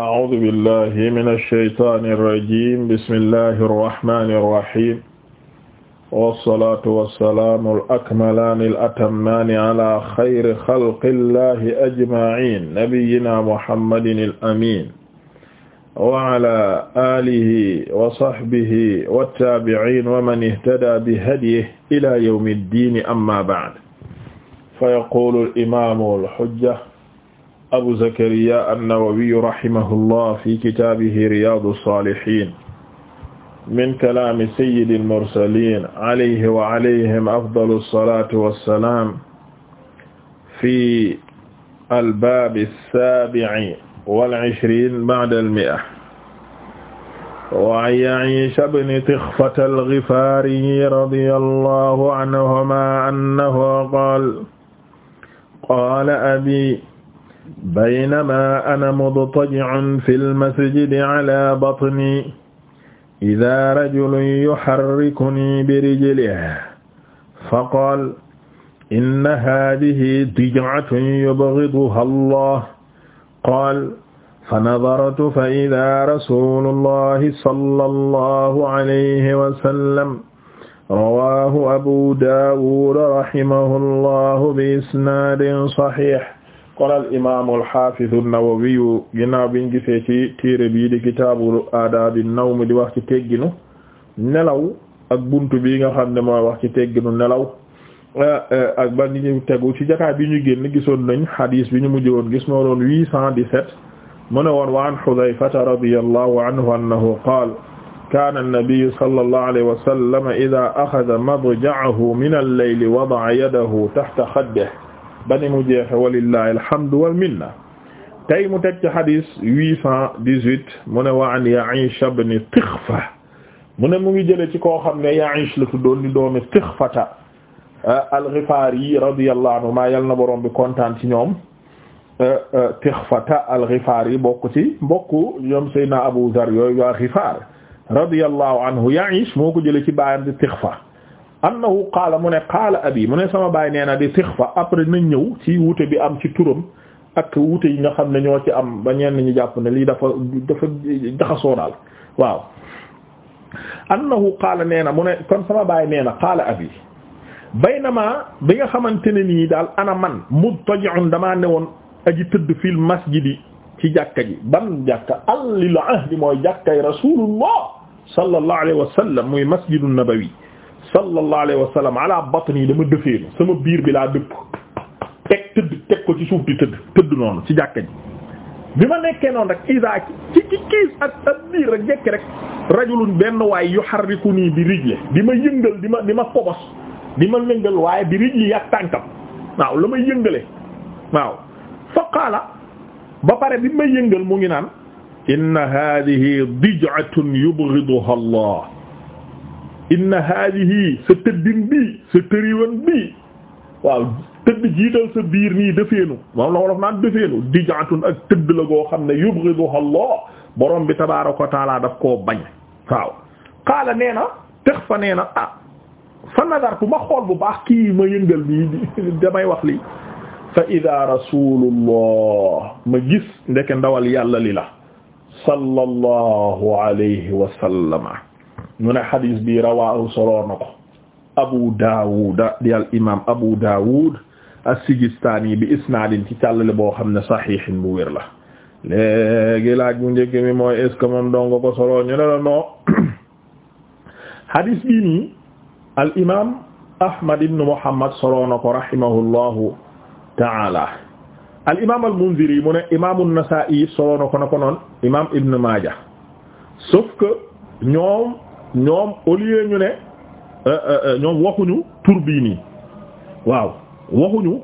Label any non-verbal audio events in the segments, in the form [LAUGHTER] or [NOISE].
أعوذ بالله من الشيطان الرجيم بسم الله الرحمن الرحيم والصلاة والسلام الأكملان الأتمان على خير خلق الله أجمعين نبينا محمد الأمين وعلى آله وصحبه والتابعين ومن اهتدى بهديه إلى يوم الدين أما بعد فيقول الإمام الحجة abu zakariya an-nawawi rahimahullah fi kitaabihi riyaadu saalihiin min kalaami sayyidil mursaliin alayhi wa alayhim afdalu salaati wa salaam fi albaabi saabi'i wal ishriin ba'dal mi'a wa 'an Ya'iisha bni Tixfata al-Gifaari radiyallaahu anhumaa annahu qaala qaala abii baynama ana mudtaji'un fil masjidi ala batni idaa rajulun yuharrikunii birijlihi faqaala inna haadihi dij'atun yubghiduhaa Allah qaala fanadartu fa-idaa rasuulullahi sallallahu alayhi wa sallam rawaahu Abuu Daawuud rahimahullahu bi-isnaadin sahiih kon al imaamu alxafidu nawawiyu ginnaaw biñ gisee ci téere bii di kitaabu aadaabi nawm di wax ci tegginu nelaw ak buntu bi nga xam ne mooy wax ci tegginu nelaw eh, eh, ak ba ni ñu tegu ci jakaay bi ñu génn gisoon nañ xadiis bi ñu mujj woon gis moo doon huit cent dix-sept mu ne woon wa an xudayfata radiyallahu anhu annahu qaala kaana annabiyu sallallahu alayhi wa sallam idaa axada madja'ahu min al-layli wada'a yadahu taxta xaddihi ba ni mu jeexe walillahi alhamdu wal minna tey mu teg ci xadis huit cent dix-huit mu ne wa an Ya'ish ibn Tikhfa mu ne mu ngi jële ci koo xam ne Ya'ish la tuddoon di doomi Tikhfata ah, al-Ghifari radiyallahu anhu maa yal na borom bi kontaan ci ñoom ah, ah, Tikhfata al-Ghifari bokk ci mbokku ñoom Seydina Abu gar yooyu waa Ghifar radiyallahu anhu Ya'ish moo ko jële ci baayam di Tikhfa annahu qaala mu ne qaala abi mu ne sama baay nee na di sixfa après nañ ñëw ci wuute bi am ci turam ak wuute yi nga xam ne ñoo ci am ba ñenn ñu jàpp ne lii dafa dafa jaxasoo daal waaw annahu qaala nee na mu ne kon sama baay nee na qaala abi baynama bi nga xamante ne nii daal ana man mudtaji'un damaa ne woon aji tëdd fil masjidi ci jàkka ji ban jàkka allil ahdi mooy jàkkay rasulullah sallallahu alayhi wa sallam muy masjidu nabawi sallallahu alayhi wa sallam ala batni dama dëfeenu sama biir bi laa dëpp teg tëdd teg ko ci suuf di tëdd tëdd noonu ci jàkka ji bi ma nekkee noonu rek isa ci ci kiis ak ak biir rek jekki rek rajulun benn waay yuharrikuni bi rijli di ma yëngal di ma di ma kobos di ma yëngal waaye bi rijli ak tànkam waaw la ma yëngale waaw fa qaala ba pare bi ma yëngal mu ngi naan inna hadhihi dij'atun yubghiduha Allah inna haadihi sa tëddin bii sa tëriwan bii waaw tëdd jiital sa biir nii dëfeenu moom la wolof naan dëfeenu dijaatun ak tëdd la goo xam ne yubghiduha Allah borom bi tabaaraka wa taala daf koo bañ waaw qaala nee na tex fa nee na ah fa nadartu ma xool bu baax kii ma yëngal bii damay wax lii fa ida rasulullah ma gis ndeke ndawal yàlla li la sallallahu alayhi wa sallama ñu ne xadis bi rawaahu soloo na abu daawud di al abu daawud as-sijistaani bi isnaadin ci càllale boo xam ne saxiixin bu wér la léegi laaj bu mi mooy est ce que ko soloo ñu ne la noo xadis bii ahmad ibn muhammad soloo na ko rahimahullahu taala al imam al imam an-nasa'i soloo na ko na imam ibn maaja sauf que ñoom au lieu ñu ne euh, euh, euh, ñoom waxuñu tur bii nii waaw waxuñu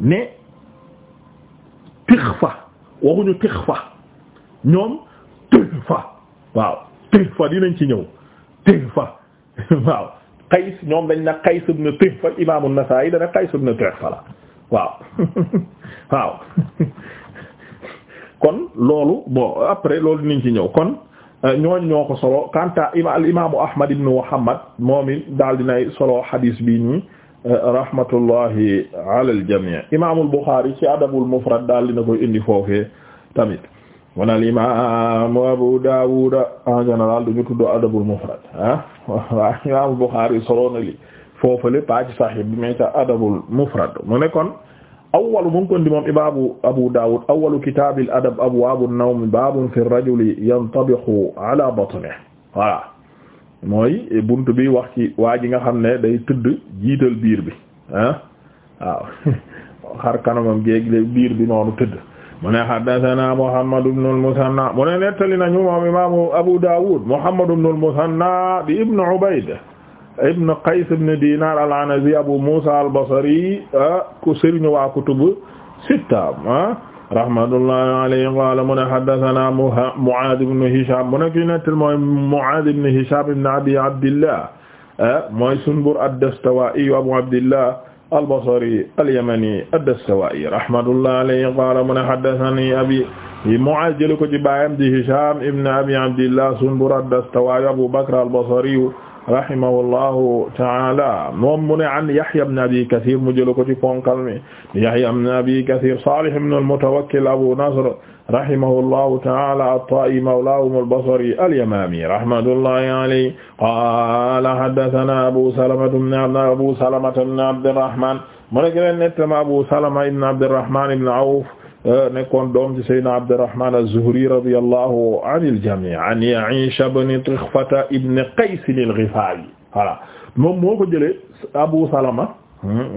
ne tix fa waxuñu tix fa ñoom tix fa waaw tix fa dinañ ci ñëw tix fa [LAUGHS] waaw Qays ñoom dañ na Qays ibn Tihfa imaamu Nasaa'i dana Qays ibn Tihfa la waaw [LAUGHS] waaw [LAUGHS] kon loolu bo après loolu dinañ ci ñëw kon Euh, ñooñ ñoo ko solo kanta al imaamu ahmad ibn muhammad moom daal dinay solo hadis bi nii euh, rahmatullahi ala al jamii imaamul buxaari ci adabul mufrad daal dina koy indi foofee tamit wan al imaamu abu daawud en général duñu tudd adabul mufrad ah [LAUGHS] waaw imaamul buxaari solo li foofale paac bi mais ca adabul awwalu mu ngi ko indi moom imaamu Abu Dawud awwalu kitaabil adab abwaabu nawm baabun fi rajuli yantabixu ala batnihi voilà mooy bunt bi wax ci waa ji nga xam ne day tëdd jiital biir bi ah waaw [LAUGHS] xar kanamam géeg biir bi noonu tëdd mu ne haddathana Muhammad ibn al-Musanna mu ne nettali nañu moom imaamu Abu Dawud Muhammad ibn al-Musanna bi ibn Ubayd ibn Qays ibn Dinar al-Anazi Abu Musa al-Basri ah, ku sëriñ waa kutubu sitta ah, rahmatullahi alayhi qala mu ne haddathana Mu'adh ibn Hisham mu ne kii nettal mooy Mu'adh ibn Hisham ibn Abi Abdillah ah, mooy Sunbur ad-Dastuwa'i Abu Abdillah al-Basri al-Yamani ad-Dastuwa'i rahmatullahi alayhi qala mu ne haddathani abi Mu'adh jël ko ci baayam di Hisham ibn Abi Abdillah Sunbur ad-Dastuwa'i Abu Bakr al-Basri rahimahullahu ta'ala moom mu ne an Yahya ibn Abi Kathir mu jël ko ci ponkal mi Yahya ibn Abi Kathir Salih ibn al-Mutawakkil Abu Nasr rahimahullahu ta'ala at-Ta'i mawlahum al-Basri al-Yamami rahmatullahi alayhi qala haddathana Abu Salama ibn Abu Salama ibn Abd al-Rahman mu ne gëneen nettama Abu Salama ibn Abd al-Rahman ibn Awf nekkoon doom ci Seydina Abdurrahman az-Zuhri radiyallahu anil jami' an Ya'ish ibn Tukhfata ibn Qays al-Ghifari voilà moom moo ko jëlee Abu Salama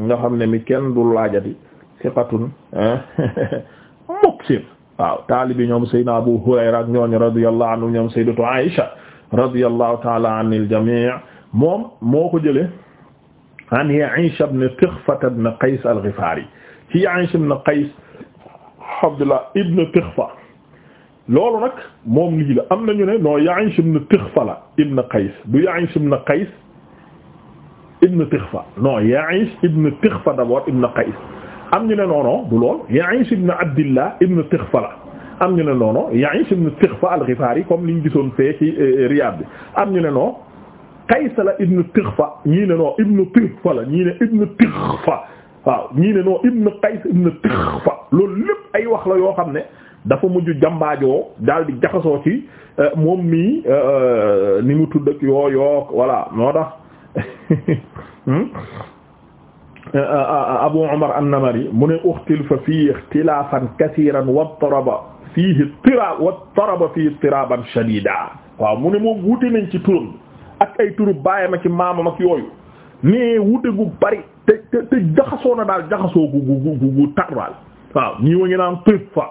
nga xam ne mi kenn du laajati siqatun [LAUGHS] muksir waaw taalibi ñoom Seydina Abu Hurayra ak ñooñu radiyallahu anhu ñoom Sayyidatu Aïsha radiyallahu ta'ala anil jami' moom moo ko jëlee an Ya'ish ibn Tukhfata ibn Qays al-Ghifari ci Ya'ish ibn Qays Abdullah ibn Tixfa loolu nag moom lii la am nañu ne noo Ya'ish ibn Tixfa la ibn Qays du Ya'ish ibn Qays ibn Tixfa non Ya'ish ibn Tixfa d'abord ibn Qays am ñu ne noono du lool Ya'ish ibn Abdillah ibn Tixfa la am ñu ne noono Ya'ish ibn Tixfa al-Ghifari comme liñ gisoon fee ci euh, euh, Riyad bi am ñu ne noo Qays la ibn Tixfa ñii ne noo ibn Tixfa la ñii ne ibn Tixfa waaw ñii ne noo ibn Qays ibn Tuxfa loolu lépp ay wax la yoo xam ne dafa mujj jambaajoo daal di jaxasoo ci euh, moom mii euh, euh, ni mu tudd ak yoo yoo voilà tax [LAUGHS] hmm? Abu Umar an-Namari mu ne uxtil fa fii ixtilaafan kasiiran wattaraba fiihi waaw mu ne moom wuute nañ ci turam ak ay turu baayam ak ci maamam ak yooyu mais wute gu bari te te na daal jaxasoo gu gu gu gu tar daal waaw ñii wa ngi naan tiffa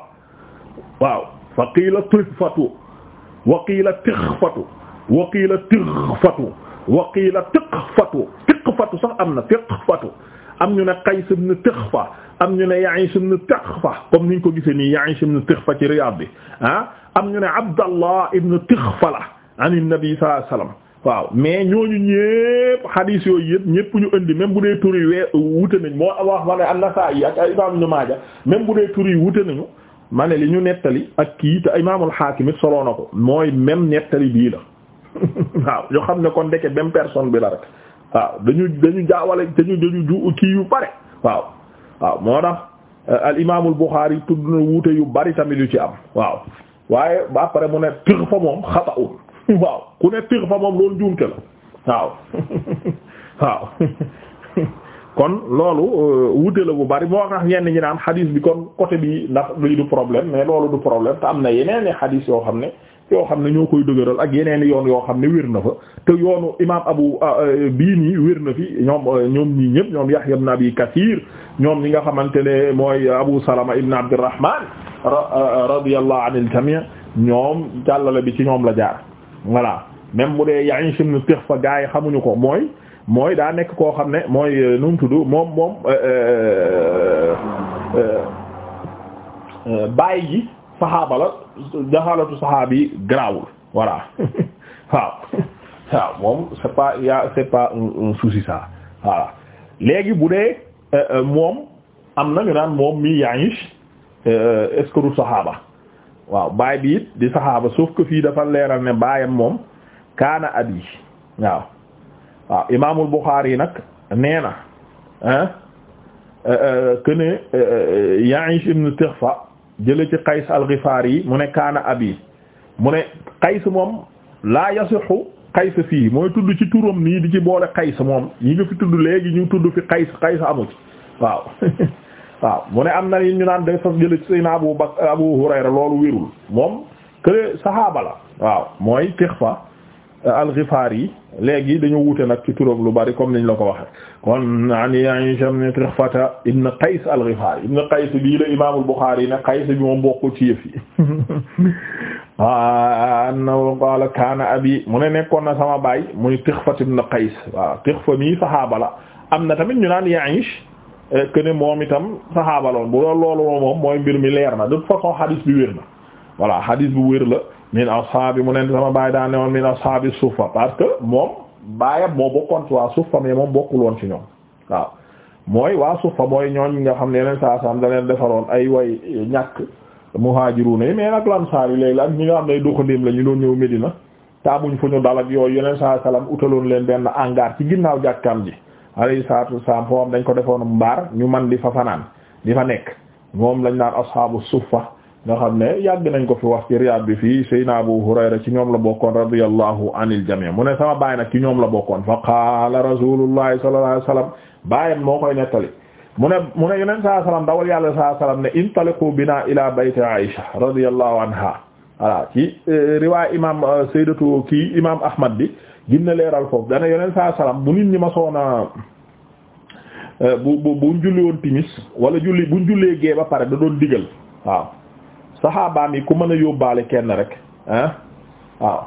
waaw fa qiila tiffatu wa qiila tixfatu wa qiila tixfatu wa qiila tiqfatu tiqfatu sax am na tiqfatu am ñu ne Qays ibn Tikhfa am ñu ne Ya'ish ibn Tikhfa comme niñ ko gisee nii Ya'ish ibn Tikhfa ci Riyad bi ah am ñu ne Abdallah ibn Tikhfa la an nabi sallallahu alayhi wasallam waaw mais ñooñu ñépp xadiis yooyu yëpp ñépp ñu indi même bu dee turi yi wee wute nañ moo wax ma ne an-Nasaa'i ak imaam Maaja même bu dee tur yi wute nañu ma li ñu nettali ak kii te imaamul Haakim it soloo na ko mooy même nettali bii la [LAUGHS] waaw yoo xam ne kon ndeke même personne bi la rek waaw dañu dañu jaawale dañu dañu ju kii yu pare waaw waaw moo tax euh, al imaamul Buxaari tudd na wuute yu bari tamit yu ci am waaw waaye ba pare mu ne tër fa moom xata un [LAUGHS] waaw ku ne piir fa moom loolu njuumte la waaw [LAUGHS] waaw [LAUGHS] kon loolu euh, wute la bu bari moo tax ñenn ñi naan xadiis bi kon côté bi ndax lii du problème mais loolu du problème te am na yeneen i xadiis yoo xam ne yoo xam ne ñoo koy dëgëral ak yeneen i yoon yoo xam ne wér na fa te yoonu imaam abu ah, euh, bii nii wér na fi ñoom euh, ñoom ñii ñëpp ñoom Yahya ibn Abi Kathir ñoom ñi nga xamante ne mooy Abu Salama ibn Abdurrahman radiyallahu anil jami' ñoom jàllale bi ci ñoom la jaar. voilà même bu dee Ya'ish ibn Tixfa gaa yi xamuñu ko mooy mooy daa nekk koo xam ne mooy euh, nu mu tudd moom moom euh, euh, bàyyi ji saxaaba la jaxalatu saxaabi yi garaawul voilà [LAUGHS] waaw waaw moom c'est pas y'a c'est pas un souci ça voilà léegi bu dee moom am na ñu naan moom mi Ya'ish est-ce saxaaba waaw baay bi di saxaaba sauf que fii dafa leeral ne baayam moom kaana abi waaw waaw imaamul Buxaari yi nag nee na ah que ne euh, Ya'ish ibn Tixfa jële ci Qays al-Ghifaari yi mu ne kaana abi mu ne Qays moom laa yasixu Qays fii mooy tudd ci turam nii di ci boole Qays moom ñi nga fi tudd léegi ñu tudd fi Qays Qays amu ci waaw [LAUGHS] waaw mu ne am na ñu naan day faf jële ci Seydina Abu Bakr Abu Hurayra loolu wérul moom këre saxaaba la waaw mooy Tixfa euh, al-Ghifari léegi dañu wute nag ci turam lu bari comme niñ la ko waxe kon an Aisha ibn Tixfata ibn Qays al-Ghifari ibn Qays bii la Imaamul Bukhari ne Qays bi moom bokku ci yëf yi [LAUGHS] wa annahu qaala kaana abi mu ne nekkoon na sama baay muy Tixfat ibn Qays waaw Tixfa mii saxaaba la am na tamit ñu naan Ya'ish Euh, que ne moom itam saxaaba loon bu loolu loolu moom mooy mbir mi leer na de toute façon hadis bi wér na voilà hadis bu wér la min ashaabi mu ne sama baay daa ne woon min ashaabi suffa parce que moom baayam moo bokkoon ci waa suffa mais moom bokkul woon ci ñoom waaw mooy waa suufa mooy ñooñ nga xam ne yeneen saa saam da leen defaroon ay way ñàkk muhaajiruun yi mais nag lamsaar yi léegi la ak ñi nga xam ne doxandéem la ñu doon ñëw Medina taamuñ fu ñu dal ak yooyu yeneen saa salaam utaloon leen benn angaar ci ginnaaw jàkkaam ji alayhi salaatu wassalaam foo am dañ ko defoon mbaar ñu man di fa fanaan di fa nekk moom lañ naan ashaabu suffa nga xam ne yàgg nañ ko fi wax ci Riyad bi fii Seydina Abu Hurayra ci ñoom la bokkoon radiyallahu anil jamii mu ne sama baay nag ki ñoom la bokkoon fa qaala rasuulullahi sallallahu alayhi wasallam baayam moo koy nettali mu ne mu ne yeneen saa salaam dawal yàlla saa salaam ne intaliqu bina ila bayti Aïcha radiyallahu anha voilà ci eh, riwaay imaam eh, Sayyidatu kii imaam Ahmad bi ginna leeral foofu dana yoneen saa salaam bu nit ñi ma soona euh, bu bu buñ julli woon timis wala julli buñ jullee gee ba pare da doon digal waaw saxaabaam yi ku mën a yóbbaale kenn rek ah waaw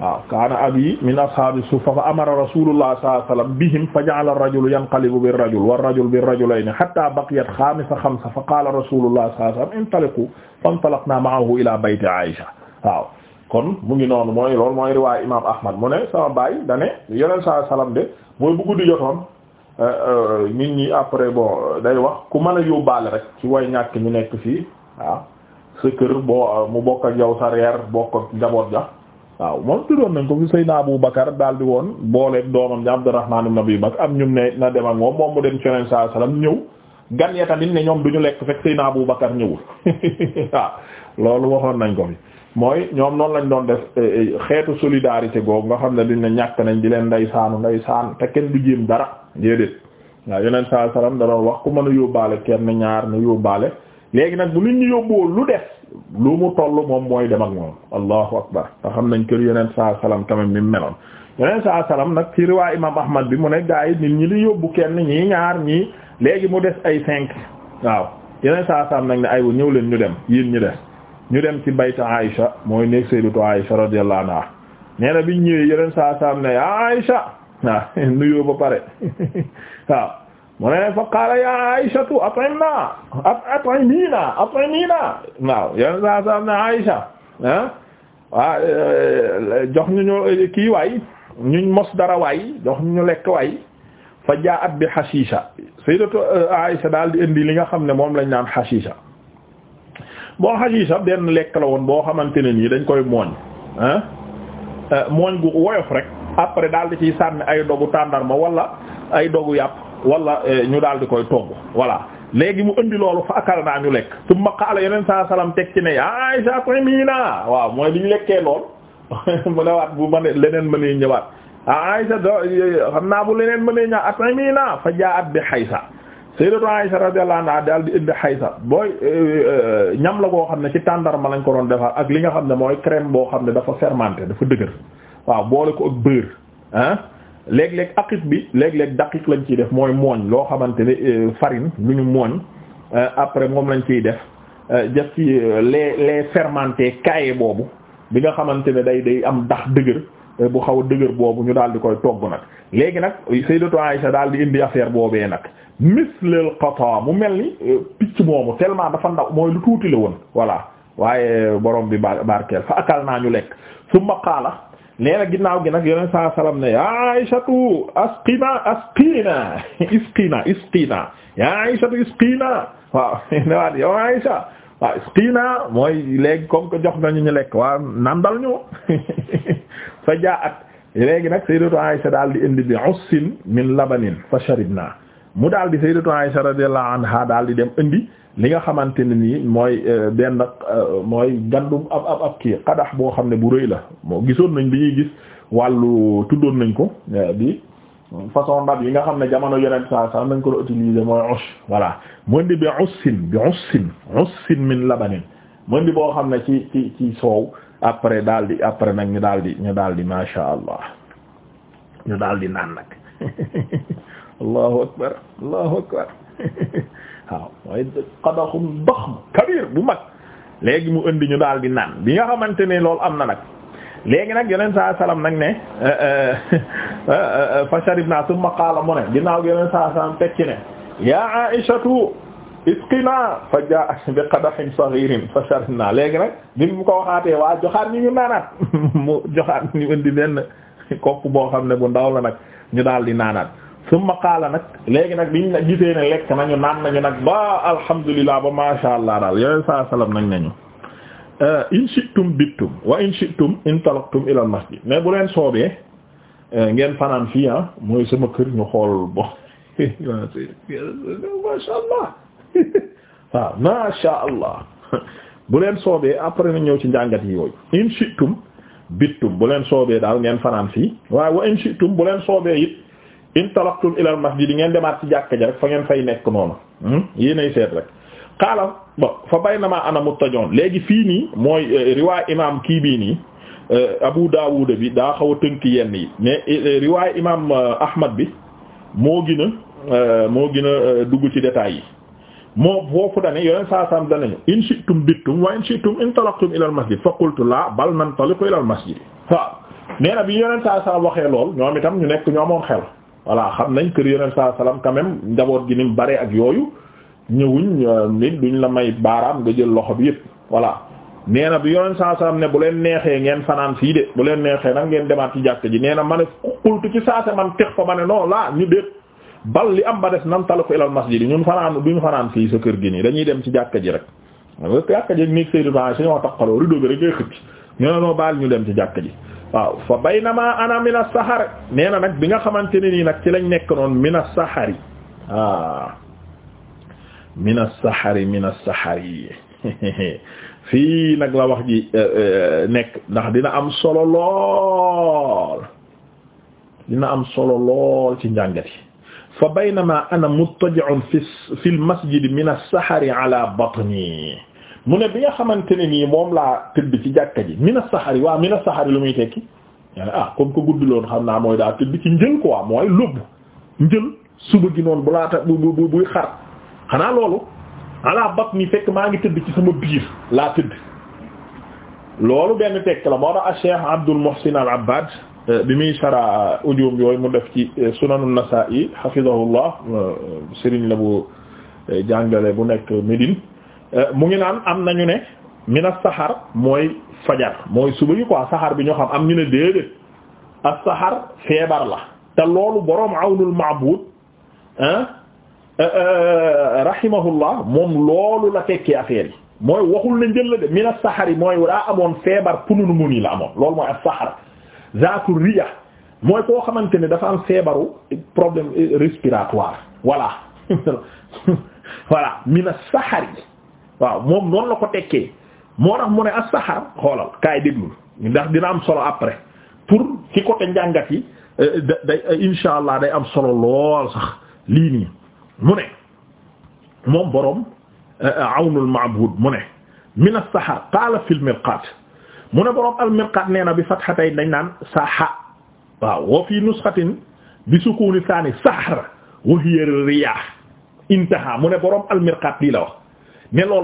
waaw kaana abi min ashaabi suffa fa amara rasulullah sallallahu alayhi wasallam bihim fa ja'ala ar-rajulu yanqalibu bir-rajul war-rajulu bir-rajulayni hatta baqiyat xaamisa xamsa fa qaala rasulullah sallallahu alayhi wasallam intaliqu fantalaqna ma'ahu ila bayti aisha waaw kon mu ngi noonu mooy loolu mooy riwaay imaam Ahmad mu ne sama baay dane yeneen saa salaam de mooy bu guddi jotoon euh, euh, nit ñi après bon day wax ku mën a baale rek ci way ñàkk ñu nekk fii waaw sa kër boo euh, mu bokk ak yow sa reer bokk ak njaboot ja waaw moom tuddoon nañ ko fi Seydina Abu Bakar daal di woon booleeg doomam ja Abdurrahman ibn Abi Bakr am ñu ne na dem ak moom moom mu dem ci yeneen saa salaam ñëw gan ya ne ñoom du ñu lekk fekk Seydina Abu Bakar ñëwul [LAUGHS] loolu waxoon nañ ko mooy ñoom noonu lañ doon def eh, eh, xeetu solidarité googu nga xam ne duñ ne ñàkk nañ di leen ndeysaanu ndeysaan te kenn du jéem dara déedéet waaw yeneen saa salaam da wax ku mën a yóbbaale kenn ñaar ñu yóbbaale léegi nag bu nit lu def lu mu toll moom mooy dem ak moom allahu xam nañ kër yeneen saa salaam quand même ni mu meloon. nag ci riwaa imaam bi mu ne gaa yi nit ñi di yóbbu kenn ñii ñaar ñii léegi mu des ay cinq waaw yeneen saa salaam ne aywa ñëw leen ñu dem yéen ñu des. ñu dem ci bayta Aïcha mooy nekk sayyidatu Aïcha radiyallahu anha nee na biñ ñëwee yeneen saa saam ne ya Aïcha waaw [LAUGHS] nuyoo ba pare [LAUGHS] waaw mu ne fa qaala ya Aïchatu at'imna at'imina at'imina waaw yeneen saa saam ne Aïcha ah eh, jox ñu ñu eh, kii waay ñuñ mos dara waay jox ñu ñu lekk waay fa jaa'at bi hashiisha sayyidatu eh, Aïcha daal di indi li nga xam ne moom lañ naan hashiisha bon xasiisa benn lekk la woon boo xamante ne nii dañ koy mooñ ah mooñ gu woyof rek après daal di ciy sànni ay dogu tàndarma wala ay dogu yàpp wala euh, ñu daal di koy togg voilà léegi mu indi loolu fa akal naa ñu lekk tumma qaala yeneen saa salaam teg ci ne ay saatimiina waaw mooy bi ñu lekkee lool [LAUGHS] mu ne waat bu ma ne leneen mënee ñëwaat ah ayisa do xam naa bu leneen mënee ñëwaat atimiina fa at bi xaysa Sayyidatu Aisha radiyallahu anha daal di indi xaysa booy euh, euh, ñam la boo xam ne ci tàndarma lañ ko doon defar ak li nga xam ne mooy crème boo xam ne dafa fermenté dafa dëgër waaw boole ko ak beurre ah léeg-léeg aqiq bi léeg-léeg daqiq lañ ciy def mooy mooñ loo xamante ne euh, farine lu ñu mooñ après moom lañ ciy def def ci les les fermenté kaye boobu bi nga xamante ne day day am ndax dëgër. bu xaw a dëgër boobu ñu daal di koy togg nag léegi nag sayyidatu Aisha daal di indi affaire boobee nag mislel qata mu mel ni euh, picc moomu tellement dafa ndaw mooy lu tuuti la woon voilà waaye euh, borom bi barkeel fa akal naa ñu lekk summa qaala nee ginnaaw gi nag yeneen sa salaam ne yaa Aishatu asqina asqina [LAUGHS] isqina isqina yaa Aishatu isqina waaw [LAUGHS] ne waat yow Aisha waaw isqina mooy léegi comme que jox nañu ñu lekk waa nandal ñu [LAUGHS] fa jaat léegi nag sayyidatu Aisha daal di indi bi ussin min labanin fa sharibna mu daal di sayyidatu Aisha radiyallahu anha daal di dem indi li nga xamante ne nii mooy euh, benn euh, mooy gandum ab ab ab kii xadax boo xam ne bu rëy la moo gisoon nañ bi ñuy gis wàllu tuddoon nañ ko euh, bi façon ndab yi nga xam ne jamono yonent saa sax nañ ko la utiliser mooy us voilà mu indi bi ussin mu indi boo xam ne ci ci ci soow après daal di après nag ñu daal di ñu daal di masha allah ñu daal di naan nag [LAUGHS] allahu akbar allahu akbar [LAUGHS] waaw mooy qadaxum daxm kabir bu mag léegi mu indi ñu daal di naan bi nga xamante ne lool am na nag léegi nag yoneen saa salaam nag ne euh, euh, [LAUGHS] euh, fa sharibna thumma qaala mu ne ginnaaw gi yoneen saa salaam tekki ne yaa Aishatu isqina fa jaa bi qadahin saghirin fa sharibna léegi nag bi mu ko waxaatee waa joxaat ñu ñu naanaat [LAUGHS] mu joxaat ñu indi benn kopp boo xam ne bu ndaw la nag ñu daal di naanaat summa qaala nag léegi nag bi gisee ne lekk nañu naan nañu nag ba alhamdulillah ba masha allah daal yooyu saa salaam nañ nañu euh, in shi'tum bittum wa in shi'tum intalaqtum ila al masjid mais bu leen soobee euh, ngeen fanaan fii ah mooy sama kër ñu xool bon [LAUGHS] masha allah [LAUGHS] waaw masha allah [LAUGHS] bu leen soobee après na ñëw ci njàngat yi yooyu in shi'tum bittum bu leen soobee daal ngeen fanaan fii waaye wa in shi'tum bu leen soobee it in talaqtum ilal masjid ngeen demaat ci jàkka ja rek fa ngeen fay nekk noonu hmm? yéenay seet rek xaalam bon fa baynama ana muttajon léegi fii nii mooy euh, riwaay imam kii bii nii euh, Abu Daawuda bi daa xaw a tënk yenn yi mais euh, riwaay imam Ahmad bi moo gën moo gën a dugg ci détails yi moom foofu dane yoneen saasam danañu in shi'tum bittum wa in shi'tum intalaqtum ila al masjid fa qultu la bal nantaliqu ila al masjid waaw nee na bi yoneen saasam waxee lool ñoom itam ñu nekk ñu amoon xel voilà xam nañ kër yoneen saa quand même njaboot gi ni mu bare ak yooyu ñëwuñ euh, nit duñ la may baaraam nga jël loxo bi yëpp voilà nee na bi yoneen saasam ne bu leen neexee ngeen fanaan fii de bu leen neexee nag ngeen demaat ci jàkk ji nee na ma man tex fa ma ne laa bal li am ba des nam tala ko ilal masjid yi ñun fanaan duñu fanaan fii sa kër gi nii dañuy dem ci jàkka ji rek jàkka ji néeg Seydou Ba si ñoo taqaloo rido bi rek ngay xëcc baal ñu dem ci jàkka ji waaw fa baynama ana min as-sahar nee na nag bi nga xamante ne nii nag ci lañ nekk noon min as-sahari ah min as-sahari min [LAUGHS] fii nag la wax ji eh, eh, nekk ndax dina am solo lool am solo lool ci njàngat yi fa baynama ana muttaji'un fi fi masjid min as-sahari ala batni mu ne bi nga xamante ne nii moom laa tëdd ci jàkka ji min as-sahari waaw min as-sahari lu muy tekki yaane ah comme que guddi loon xam naa mooy daa tëdd ci njël quoi mooy lóbb njël suba gi noonu bu laata bu buy xar xanaa loolu ala batni fekk maa ngi tëdd ci sama biir laa tëdd loolu benn tekk la moo tax Cheikh Abdul Muhsin Al Abbad Euh, bi muy shara ujum yooyu mu def ci euh, sunanu Nasaa'i hafizahullah euh, sëriñ la bu jàngale bu nekk Médine mu ngi naan am nañu ne mina saxar mooy fajar mooy suba yi quoi saxar bi ñoo xam am ñu ne déedéet ak feebar la te loolu boroom awnul ma'bud ah rahimahullah moom loolu la fekkee affaire yi mooy waxul na njël la de mina saxar yi mooy daa amoon feebar pununu mun yi la amoon loolu mooy ak saxar zaatu riya mooy koo xamante ne dafa am feebaru problème respiratoire voilà [LAUGHS] voilà mina saxari waaw moom noonu la ko tekkee moo tax mu ne as saxar dina am solo après pour ci côté njàngat yi euh, da day euh, insha allah day am solo lool sax lii nii mu ne moom boroom euh, awnul ma'bud mu ne mina saxar qaala fil mu ne borom al-Mirqaat nee na bi fatxatay dañ naan saha waaw wa fii nusxatin bi sukuuni saani saxar wa hiya riyaah intaha mu ne borom al-Mirqaat lii la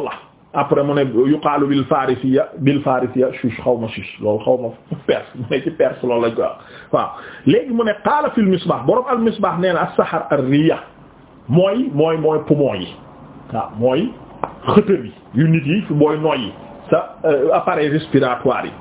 la après mu ne yuqaalu bil farisiya bil farisiya chuch xaw ma chuch loolu xaw ma perse mu ne ci perse loolu lañ ko wax waaw léegi mu ne qaala fil misbah borom al-misbah nee na as-saxar ar-riyaah mooy mooy mooy mooy xëtër yi yu nit yi sa euh, appareil respiratoire yi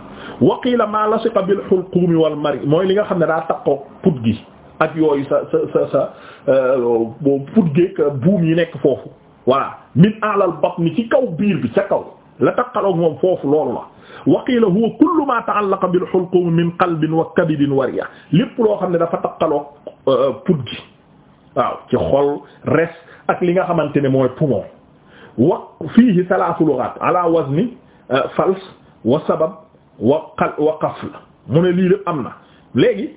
waqila ma lasiqa bil hulqumi wal mari mooy li nga xam ne daa taqoog put gi ak yooyu sa sa sa sa euh, put geeg buum yi nekk foofu voilà min a'lal batni ci kaw biir bi ca kaw la taqaloog moom foofu loolu la waqila huwa kullu ma ta'allaqa bil hulqumi min qalbin wa kabidin wa riya lépp loo xam ne dafa taqaloog euh, put gi waaw ci xol res ak li nga xamante ne mooy poumon wa fiihi salaasu lughaat ala wazni Euh, fals wa sabab wa qal wa qafl mu ne lii lépp am na léegi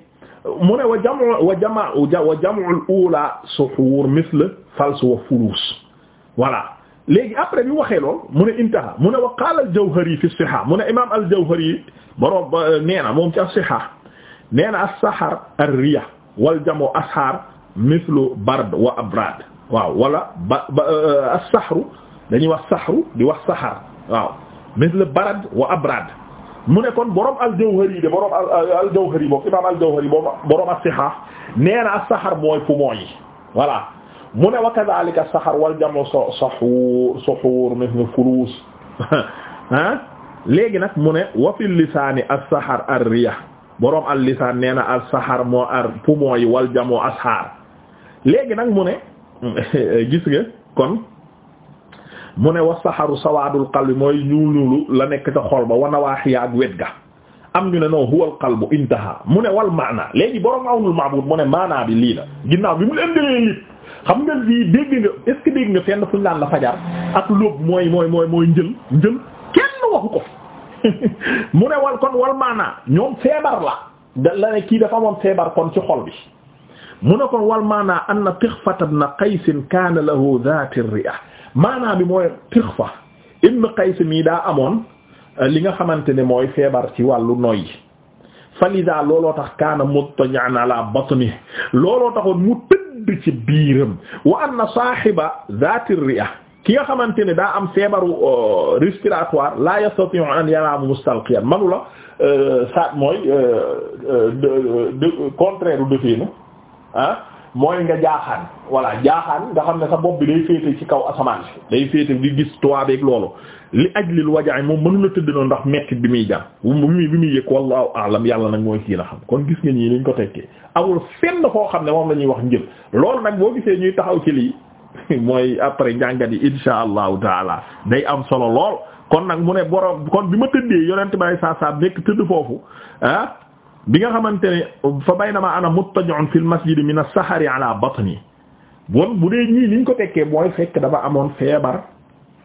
mu ne wa jamu wa jama wa jam'ul ula suhur mithl fals wa fulus voilà léegi après bi waxee lool mu ne intaha mu ne wa qaala al-Jawhari fi as-Sihah mu ne imaam al-Jawhari borom nee na moom ci as-Sihah nee na as-sahar ar-riyah wal jamu ashar mithlu bard wa abrad waaw wala ba ba euh, as-sahru dañuy wax sahru di wax sahar waaw misle barad wa abrad mu ne kon borom al-Jawhari de borom al-Jawhari boobu imaam al-Jawhari boobu borom as-Sihah nee na as-sahar mooy poumon yi voilà mu ne wa kadhalika as-sahar wal jamu sahur suhur misle fulus ah [LAUGHS] léegi nag mu ne wa fil lisaani as-sahar ar-riyah borom al-lisaan nee na as-sahar moo ar poumon yi wal jamu ashar léegi nag mu ne [LAUGHS] gis nga kon. mu ne wa saxaru sawaadul qalbi mooy ñuul ñuulu la nekk ca xol ba wanawaaxiya ak wet ga am ñu ne non huwa al qalbu intaha mu ne wal maana léegi borom awnul maabud mu ne maanaa bi lii la ginnaaw bi mu leen dëlee lit xam nga lii dégg nga est-ce que dégg nga fenn fuñ naan la fajar ak lóob mooy mooy mooy mooy njël njël kenn waxu ko [LAUGHS] mu ne wal kon wal maanaa ñoom feebar la da la ne kii dafa amoon feebar kon ci xol bi mu ne kon wal maanaa anna tixfata ibn qays kaana lahu dhaati ri'a maanaam bi mooy tixfa ibn Qays mii daa amoon euh, li nga xamante ne mooy feebar ci wàllu noyyi falida looloo tax kaana muttajan ala batni looloo taxoon mu tëdd ci biiram wa anna saahiba zaati ri'a ki nga xamante ne daa am feebaru euh, respiratoire la yastati'u an yanaama mustalqiyan manu la euh, saat mooy contraire u defeenu ah mooy nga jaaxaan voilà jaaxaan nga xam ne sa bopp bi day féete ci kaw asamaan si day féete di gis toit beeg loolu li ajlil wajaay moom mënula tëdd noonu ndax mettit bi muy jàm bu muy bi muy yëg wallahu aalam yàlla nag mooy kii na xam kon gis nga ñii liñ ko tekkee amul fenn koo xam ne moom la ñuy wax njël loolu nag boo gisee ñuy taxaw ci lii [LAUGHS] mooy après njàngat yi insha allahu taala day am solo lool kon nag mu ne borom kon bi ma tëddee yonent bay saa saa nekk tëdd foofu ah bi nga xamante ne fa baynama ana muttaji'un fil masjid min as-sahari ala batni bon bu dee ñii liñ ko tekkee mooy fekk dafa amoon feebar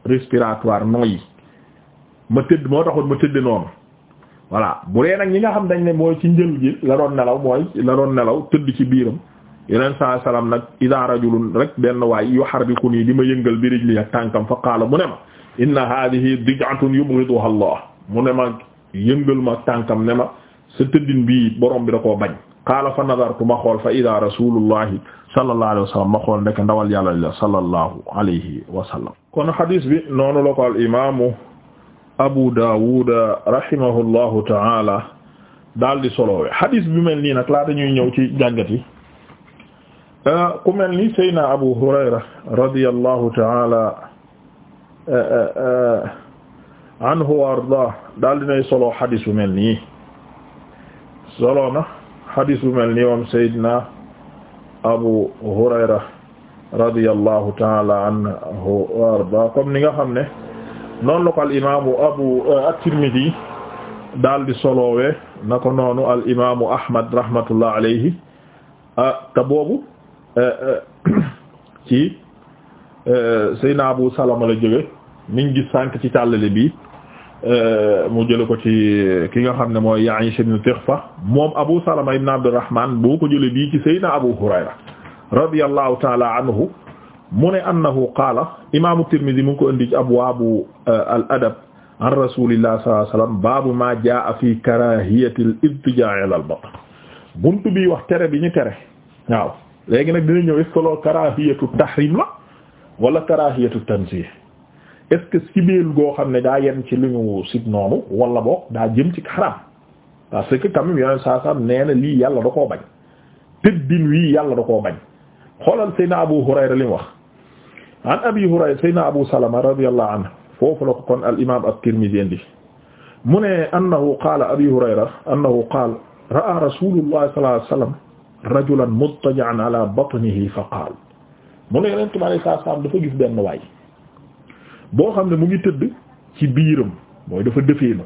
respiratoire nooyi ma tëdd moo taxoon ma tëdd noonu voilà bu dee nag ñi nga xam dañ ne mooy ci njël gi la doon nelaw mooy la doon nelaw tëdd ci biiram yeneen saa salaam nag idaa rajulun rek benn waay yi di ma yëngal bi rijli ak tànkam fa qaala mu ne ma inna hadhihi dij'atun yubghiduha Allah mu ne ma yëngal ma tànkam ne ma sa tëddin bii borom bi da koo bañ qaala fa nadartu ma xool fa ida rasulullahi sallallahu alayhi wa sallam ma xool ndekk ndawal yàlla la sallallahu alayhi wa sallam bi noonu la al imaamu abu daawuda rahimahullahu taala daal di soloowe hadis bi mel nii nag laata ñuy ñëw ci jàngat yi ku mel ni sayna abu hurayra radiyallahu taala eh, eh, eh, anhu wa ardah daal dinay soloo hadis bu mel nii solo na xadis bu mel ni moom Seydina Abu Hurayra radiyallahu taala anhu wa arda comme ni nga xam ne noonu la ko al imaamu Abu euh, at-Tirmidhi daal di solowee na ko noonu al imaamu Ahmad rahmatullah alayhi ah, te boobu euh, euh, ci Seydina Abu Salama la jóge niñ gis sànk ci tàllale bi Euh, mu jële ko ci ki nga xam ne mooy Ya'ish ibn Tighfa moom Abu Salama ibn Abdurrahman boo ko jële bii ci Seydina Abu Hurayra radiyallahu ta'ala anhu mu ne annahu qaala imaamu Tirmidhi mu ngi ko indi ci abwaabu euh, al adab an rasuulillah sallallahu alayhi wasallam baabu maa jaa'a fi karaahiyati al ittijaa'i ala al batn buntu bi wax tere bi ñu tere waaw léegi nag dina ñëw est-ce que loolu karaahiyatu tahriim la wala karaahiyatu tanziih est-ce que sibeel goo xam ne daa yem ci lu ñu sib noonu wala boog daa jëm ci xaraam parce que quand même yoneen saa sam nee na lii yàlla da koo bañ tëddin wii yàlla da koo bañ xoolal sayna Abu Hurayra li mu wax an Abi Hurayra sayna Abu Salama radiyallahu anhu foofu la ko kon al imam at-Tirmidhi indi mu ne annahu qaala Abi Hurayra annahu qaala ra'a Rasulullah sallallahu alayhi wasallam rajulan muttaji'an ala batnihi fa qaala mu ne yonent bi sallallahu alayhi wasallam dafa gis benn waay boo xam ne mu ngi tëdd ci biiram mooy dafa dëfee na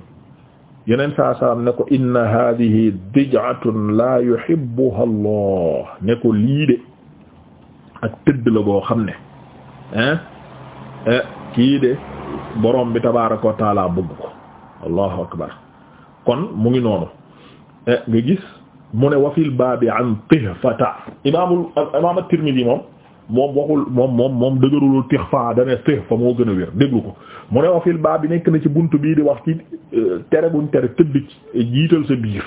yeneen saa salaam ne ko inna hadihi dij'atun la yuhibbuha Allah ne ko lii ak tëdd la boo xam ne hein eh, kii de borom bi tabaaraka wa taala bëgg akbar kon mu ngi noonu eh, nga gis mu ne wafil baabi an tihfata imaamul imaam at moom moom waxul moom moom moom dëgërulul tix fa dane tix fa moo gën a wér déglu ko mu ne wa fil baa bi nekk na ci bunt bii di wax ci euh, tere buñ tere tëdd euh, jiital sa biir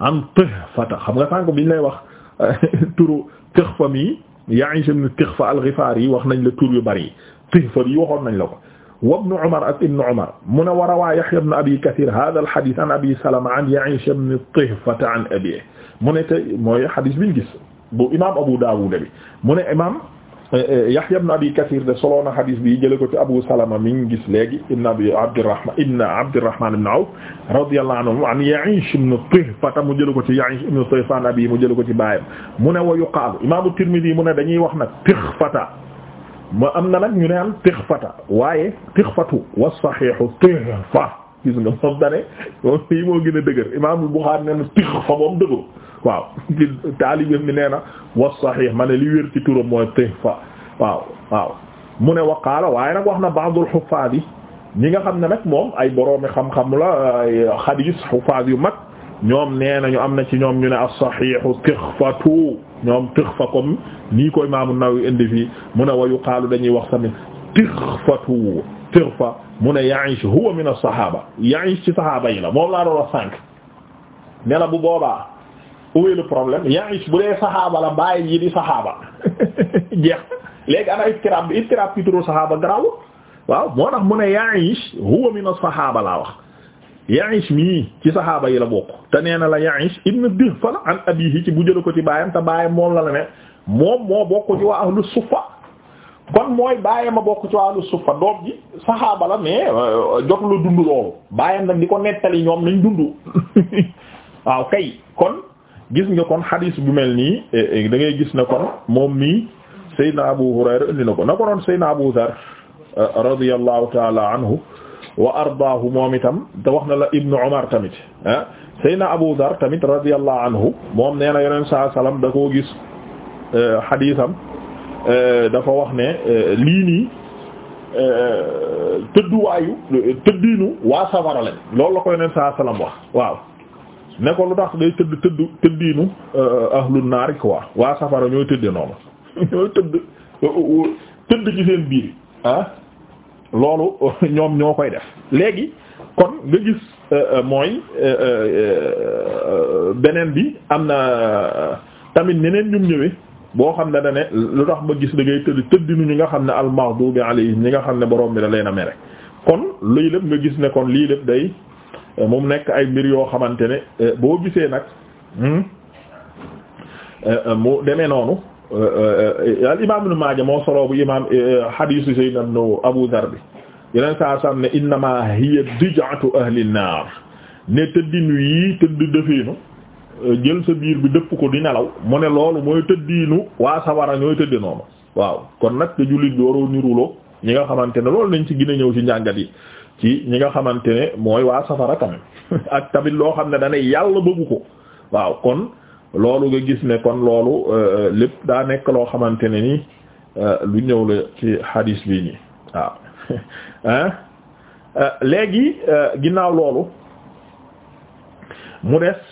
an tix fata xam nga sànko biñ lay wax euh, [LAUGHS] turu tix fa mi Ya'ish ibn tix fa al-Ghifari yi wax nañ la tur yu bari tix fa yi waxoon nañ la ko wa ibnu Umar ak ibnu Umar mu ne wa rawaa Yahya ibn Abi Kathir hadha al-hadith an Abi Salama an Ya'ish ibn Tihfata an abihi mu ne te mooy hadith biñ gis bu imaam Abu Dawud bi mu ne imaam eh, eh, Yahya ibn Abi Kathir de soloon na xadis bi jëlee ko ci Abu Salama mi ngi gis léegi ibn Abi Abdurrahman ibn Abdurrahman ibn Awf radiyallahu anhu an Ya'ish ibn Tihfa mu jëlee ko ci Ya'ish ibn Tihfa an abi mu jëlee ko ci baayam mu ne wa yuqaalu imaamu Tirmidhi mu ne dañuy wax nag Tihfata ma am na ñu ne am Tihfata waaye Tihfatu wa sahihu Tihfa gis nga moom da ne moom fii moo gën a dëgër imaamu Bukhari ne Tihfa moom waaw li [LAUGHS] taalibam bi nee na wa ma ne wér ci turam mooy Tihfa waaw waaw mu ne waqaala waaye nag wax na ba'dul huffaad yi ñi nga xam ne nag moom ay boroomi xam-xam la ay hadiis yu mag ñoom nee nañu am na ci ñoom ñu ne as-sahihu Tixfatu ñoom Tixfa comme nii koy Imaamu Nawawi indi fii mu ne wa yuqaalu dañuy wax tamit Tixfatu Tixfa mu ne ya'ish huwa min as-sahaaba ya'ish ci sahaaba yi la moom laa doon wax bu boobaa où est le problème ya'ish bu dee saxaaba la bàyyi yi di saxaaba [LAUGHS] jeex léegi ana iftirab bi saxaaba garaw waaw moo tax mu ne ya'ish huwa min as-saxaaba laa wax ya'ish mii ci saxaaba yi la bokk te nee na la ya'ish ibn Dihfal an abiihi ci bu jëla ko ci baayam te baayam moom la la ne moom moo bokk ci waa lu suffa kon mooy baayam a bokk ci waa ahlu suffa doom ji saxaaba la mais euh, jot la dund loolu baayam nag di ko nettali ñoom nañ dund [LAUGHS] waaw kay kon gis nga kon xadiis bu mel nii e, e, da ngay gis ne kon moom nii Seydina Abu Hurayra indi na ko na ko noon Seydina Abu Dhar e, radiyallahu taala anhu wa ardaahu moom itam te wax na la Ibnu Umar tamit ah Seydina Abu Dhar tamit radiyallahu anhu moom nee na yeneen saa da koo gis xadiisam dafa wax ne lii nii tëdduwaayu tëddiinu waa safara lañ loolu la ko yeneen saa wax waaw. ne ko lu tax ngay tëdd tëdd tëddiinu euh, ahlu naari quoi waa safara ñooy tëdde noonu [LAUGHS] ñooy tëdd tëdd ci seen biir ah. loolu [LAUGHS] ñoom ñoo koy def léegi kon nga gis euh, euh, mooy beneen bi am na tamit ñeneen ñum ñëwe boo xam ne da ne lu tax ma gis da ngay tëdd tëddinu ñi nga xam ne al maghdubi alayhim ñi nga xam ne borom bi da leen a mere kon luy lépp nga gis ne kon lii lépp day Euh, mu nekk ay mbir yoo xamante ne euh, boo gisee nag hmm? euh, mu demee noonu al imaam Ibn Maaja moo solo bu imaam hadiisu Sayyidina Abu Dharr bi yeneen saa saam ne innama hiya dij'atu ahli naar ne tëddinu yi tëdd dëfeenu jël sa biir bi dëpp ko di nelaw mu ne loolu mooy tëddiinu waa sawara ñooy tëdd noonu waaw kon nag te jullit bi waroo niruloo ñi nga xamante ne loolu nañ ci gën a ñëw ci njàngat yi ci ñi nga xamante ne mooy waa safara tamit [LAUGHS] ak tamit loo xam ne danay yàlla bëggu ko waaw kon loolu nga gis ne kon loolu euh, lépp daa nekk loo xamante ne ni euh, lu ñëw la ci hadis bi nii waaw [LAUGHS] hein euh, léegi ginnaaw loolu mu des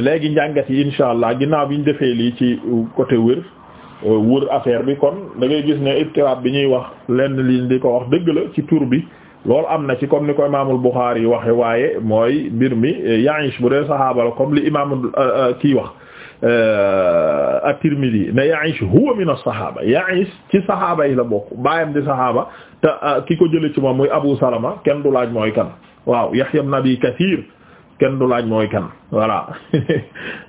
léegi njàngat yi insha allah ginnaaw bi ñu defee lii ci côté wër wër affaire bi kon da ngay gis ne ibtiraab bi ñuy wax lenn li di ko wax dëgg la ci tur bi loolu am na ci comme ni ko imaamul Buxaari yi waxe waaye mooy mbir mi ya'ish bu dee saxaaba la comme li imaamul euh, euh, kii wax euh, at-Tirmidhi ne ya'ish huwa min as-saxaaba ya'ish ci saxaaba yi la bokk baayam di saxaaba te ki ko jële ci moom muy Abu Salama kenn du laaj mooy kan waaw Yahya ibn Abi Kathir kenn du laaj mooy kan voilà [LAUGHS]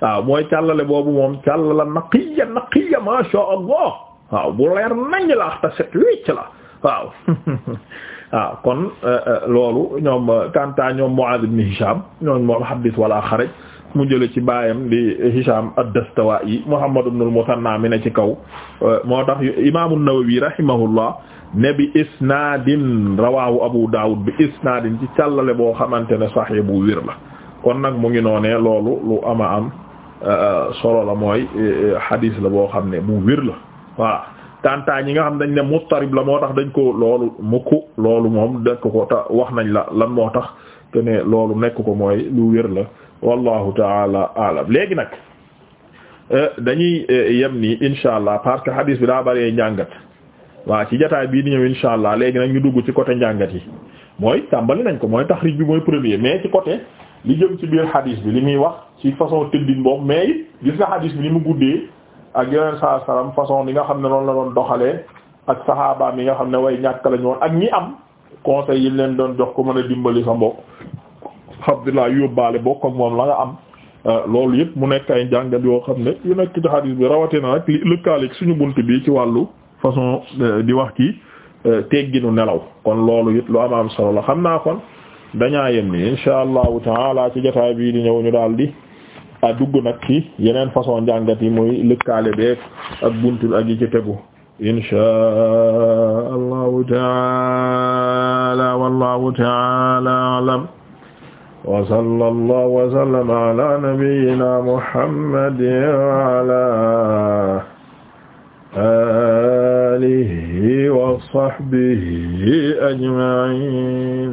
waaw mooy càllale boobu moom càllala naqiya naqiya ma sha Allah waaw bu leer nañ la te set wecc la waaw [LAUGHS] waaw ah, kon eh, eh, loolu ñoom eh, kanta ñoom Mu'aaz ibn Hisham ñoom moom hadith xaraj mu jële ci baayam li Hisham ad-Dastawaa'i Muhammad ibn al-Muthanna mi ne ci kaw moo tax Imaam an-Nawawi rahimahullah ne bi isnaadin rawaahu Abu Daawud bi isnaadin ci càllale boo xamante ne sahih bu wir la kon nag mu ngi noonee loolu lu ama am solo la mooy hadith la boo xam ne bu wir la waaw tanta ñi nga xam dañ ne mustarib la moo tax dañ ko loolu mukk loolu moom dekk ko ta wax nañ la lan moo tax te ne loolu nekk ko mooy lu wér la wallahu taala alam léegi nag euh, dañuy euh, yem ni insha allah parce que hadis bi daa bëree njàngat waa ci jataay bii di ñëw insha allah léegi nag ñu dugg ci côté njàngat yi mooy tàmbali nañ ko mooy taxrij bi mooy premier mais ci côté li jëm ci biir hadis bi li muy wax ci façon tëddin boobu mais it gis nga hadis bi ni mu guddee ak yeneen saa salaam façon bi nga xam ne noonu la doon doxalee ak saxaabaam yi nga xam ne way ñàkk lañu ñu ak ñi am conseil yi leen doon jox ko mën a dimbali sa mbokk Abdullah yóbbaale bokk ak moom la nga am. Euh, loolu yëpp mu nekk ay jàngat yoo xam ne yu nekk ci xadiis bi rawatina nag li lëkkaaleeg suñu bunt bi ci wàllu façon euh, di wax ci euh, tegginu nelaw kon loolu it lu am am solo la xam naa kon dañaa yem ni insha allahu taala ci jotaay bii di ñëw ñu daal di. a dugg nag ci yeneen façon njàngat yi muy lëkkaale beeg ak buntul ak yi ci tegu inshaa allahu taala wallahu taala alam wa sallallahu wa sallama ala nabiyyina muhammadin wa ala alihi wa sahbihi ajma'in